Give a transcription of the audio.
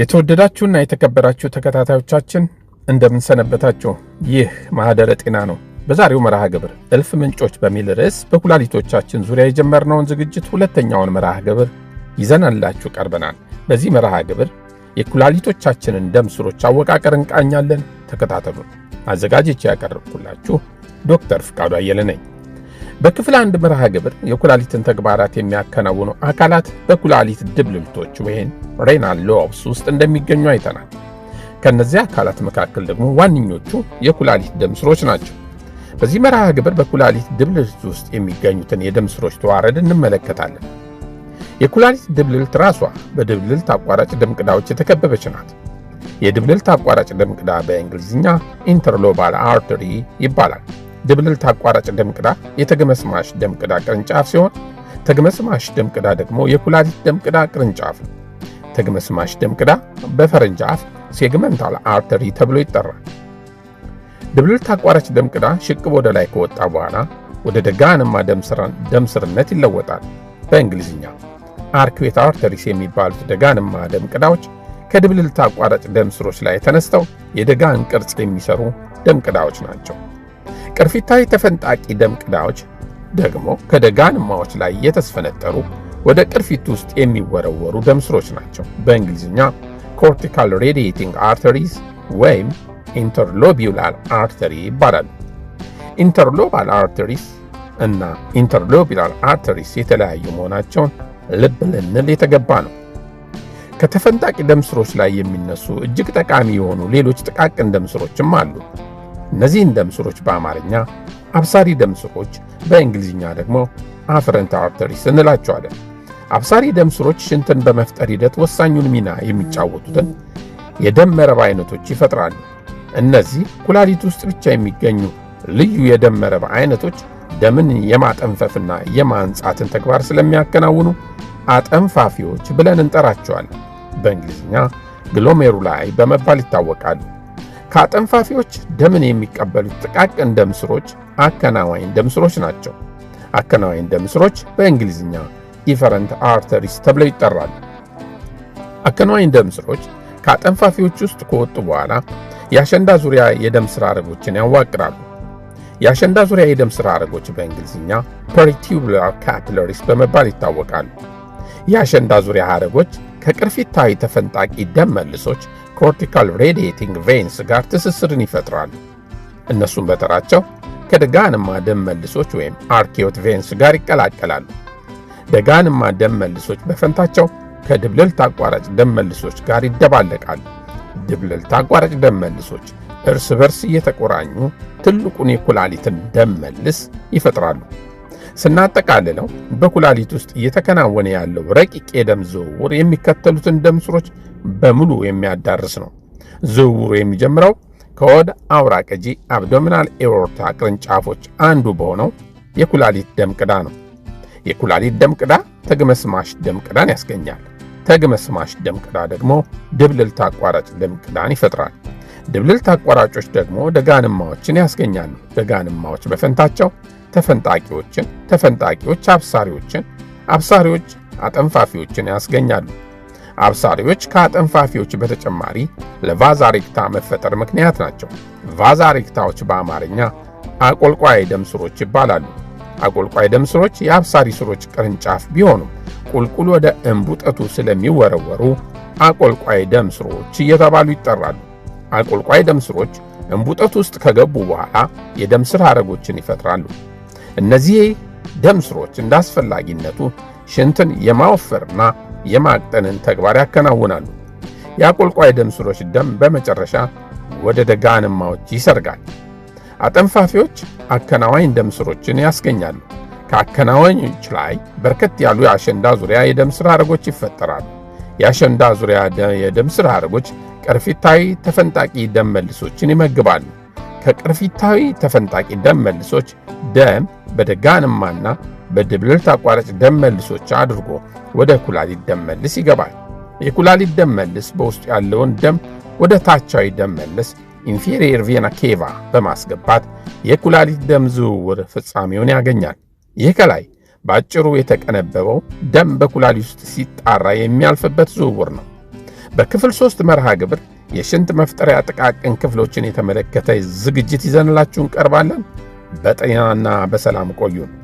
የተወደዳችሁና የተከበራችሁ ተከታታዮቻችን እንደምንሰነበታችሁ፣ ይህ ማህደረ ጤና ነው። በዛሬው መርሃ ግብር እልፍ ምንጮች በሚል ርዕስ በኩላሊቶቻችን ዙሪያ የጀመርነውን ዝግጅት ሁለተኛውን መርሃ ግብር ይዘናላችሁ ቀርበናል። በዚህ መርሃ ግብር የኩላሊቶቻችንን ደም ስሮች አወቃቀር እንቃኛለን። ተከታተሉን። አዘጋጅቼ ያቀረብኩላችሁ ዶክተር ፍቃዱ አየለ ነኝ። በክፍል አንድ መርሃ ግብር የኩላሊትን ተግባራት የሚያከናውኑ አካላት በኩላሊት ድብልቶች ወይም ሬናል ሎብስ ውስጥ እንደሚገኙ አይተናል። ከእነዚህ አካላት መካከል ደግሞ ዋነኞቹ የኩላሊት ደም ስሮች ናቸው። በዚህ መርሃ ግብር በኩላሊት ድብልት ውስጥ የሚገኙትን የደም ስሮች ተዋረድ እንመለከታለን። የኩላሊት ድብልት ራሷ በድብልት አቋራጭ ደም ቅዳዎች የተከበበች ናት። የድብልት አቋራጭ ደም ቅዳ በእንግሊዝኛ ኢንተርሎባል አርተሪ ይባላል። ድብልል ታቋራጭ ደምቅዳ የተገመስማሽ ደምቅዳ ቅርንጫፍ ሲሆን ተግመስማሽ ደምቅዳ ደግሞ የኩላሊት ደምቅዳ ቅርንጫፍ ነው። ተግመስማሽ ደምቅዳ በፈረንጅ አፍ ሴግመንታል አርተሪ ተብሎ ይጠራል። ድብልል ታቋራጭ ደምቅዳ ሽቅብ ወደ ላይ ከወጣ በኋላ ወደ ደጋንማ ደም ስርነት ይለወጣል። በእንግሊዝኛ አርክዌት አርተሪስ የሚባሉት ደጋንማ ደምቅዳዎች ከድብልል ታቋራጭ ደም ስሮች ላይ ተነስተው የደጋን ቅርጽ የሚሰሩ ደምቅዳዎች ናቸው። ቅርፊታዊ ተፈንጣቂ ደም ቅዳዎች ደግሞ ከደጋንማዎች ላይ የተስፈነጠሩ ወደ ቅርፊት ውስጥ የሚወረወሩ ደም ስሮች ናቸው። በእንግሊዝኛ ኮርቲካል ሬዲየቲንግ አርተሪስ ወይም ኢንተርሎቢውላር አርተሪ ይባላሉ። ኢንተርሎባል አርተሪስ እና ኢንተርሎቢላር አርተሪስ የተለያዩ መሆናቸውን ልብ ልንል የተገባ ነው። ከተፈንጣቂ ደም ስሮች ላይ የሚነሱ እጅግ ጠቃሚ የሆኑ ሌሎች ጥቃቅን ደም ስሮችም አሉ። እነዚህን ደምስሮች በአማርኛ አብሳሪ ደምስሮች በእንግሊዝኛ ደግሞ አፈረንት አርተሪስ እንላቸዋለን። አብሳሪ ደምስሮች ሽንትን በመፍጠር ሂደት ወሳኙን ሚና የሚጫወቱትን የደም መረብ አይነቶች ይፈጥራሉ። እነዚህ ኩላሊት ውስጥ ብቻ የሚገኙ ልዩ የደም መረብ አይነቶች ደምን የማጠንፈፍና የማንጻትን ተግባር ስለሚያከናውኑ አጠንፋፊዎች ብለን እንጠራቸዋለን። በእንግሊዝኛ ግሎሜሩላይ በመባል ይታወቃሉ። ከአጠንፋፊዎች ደምን የሚቀበሉት ጥቃቅን ደም ስሮች አከናዋይን ደም ስሮች ናቸው። አከናዋይን ደም ስሮች በእንግሊዝኛ ኢፈረንት አርተሪስ ተብለው ይጠራሉ። አከናዋይን ደም ስሮች ከአጠንፋፊዎች ውስጥ ከወጡ በኋላ የአሸንዳ ዙሪያ የደም ስራ አረጎችን ያዋቅራሉ። የአሸንዳ ዙሪያ የደም ስራ አረጎች በእንግሊዝኛ ፐሪቲቡላር ካፕለሪስ በመባል ይታወቃሉ። የአሸንዳ ዙሪያ አረጎች ከቅርፊታዊ ተፈንጣቂ ደም መልሶች ኮርቲካል ሬዲቲንግ ቬንስ ጋር ትስስርን ይፈጥራሉ። እነሱም በተራቸው ከደጋንማ ደም መልሶች ወይም አርኪዮት ቬንስ ጋር ይቀላቀላሉ። ደጋንማ ደም መልሶች በፈንታቸው ከድብልልት አቋራጭ ደም መልሶች ጋር ይደባለቃሉ። ድብልልት አቋራጭ ደም መልሶች እርስ በርስ እየተቆራኙ ትልቁን የኩላሊትን ደም መልስ ይፈጥራሉ። ስናጠቃልለው በኩላሊት ውስጥ እየተከናወነ ያለው ረቂቅ የደም ዝውውር የሚከተሉትን ደም ስሮች በሙሉ የሚያዳርስ ነው። ዝውውሩ የሚጀምረው ከወደ አውራ ቀጂ አብዶሚናል ኤዎርታ ቅርንጫፎች አንዱ በሆነው የኩላሊት ደም ቅዳ ነው። የኩላሊት ደም ቅዳ ተግመስማሽ ደም ቅዳን ያስገኛል። ተግመስማሽ ደም ቅዳ ደግሞ ድብልልት አቋራጭ ደም ቅዳን ይፈጥራል። ድብልልት አቋራጮች ደግሞ ደጋንማዎችን ያስገኛሉ። ደጋንማዎች በፈንታቸው ተፈንጣቂዎችን፣ ተፈንጣቂዎች አብሳሪዎችን፣ አብሳሪዎች አጠንፋፊዎችን ያስገኛሉ። አብሳሪዎች ከአጠንፋፊዎች በተጨማሪ ለቫዛሪክታ መፈጠር ምክንያት ናቸው። ቫዛሪክታዎች በአማርኛ አቆልቋይ ደም ስሮች ይባላሉ። አቆልቋይ ደም ስሮች የአብሳሪ ስሮች ቅርንጫፍ ቢሆኑም ቁልቁል ወደ እምቡጠቱ ስለሚወረወሩ አቆልቋይ ደም ስሮች እየተባሉ ይጠራሉ። አቆልቋይ ደም ስሮች እምቡጠቱ ውስጥ ከገቡ በኋላ የደም ስር ሐረጎችን ይፈጥራሉ። እነዚህ ደም ስሮች እንደ አስፈላጊነቱ ሽንትን የማወፈርና የማቅጠንን ተግባር ያከናውናሉ። የአቆልቋይ ደም ስሮች ደም በመጨረሻ ወደ ደጋንማዎች ይሰርጋል። አጠንፋፊዎች አከናዋኝ ደም ስሮችን ያስገኛሉ። ከአከናዋኞች ላይ በርከት ያሉ የአሸንዳ ዙሪያ የደም ስር ሐረጎች ይፈጠራሉ። የአሸንዳ ዙሪያ የደም ስር ሐረጎች ቅርፊታዊ ተፈንጣቂ ደም መልሶችን ይመግባሉ። ከቅርፊታዊ ተፈንጣቂ ደም መልሶች ደም በደጋንማና በድብልት አቋራጭ ደም መልሶች አድርጎ ወደ ኩላሊት ደም መልስ ይገባል። የኩላሊት ደም መልስ በውስጡ ያለውን ደም ወደ ታቻዊ ደም መልስ ኢንፌሪየር ቬና ኬቫ በማስገባት የኩላሊት ደም ዝውውር ፍጻሜውን ያገኛል። ይህ ከላይ በአጭሩ የተቀነበበው ደም በኩላሊት ውስጥ ሲጣራ የሚያልፍበት ዝውውር ነው። በክፍል ሦስት መርሃ ግብር የሽንት መፍጠሪያ ጥቃቅን ክፍሎችን የተመለከተ ዝግጅት ይዘንላችሁ እንቀርባለን። በጤናና በሰላም ቆዩን።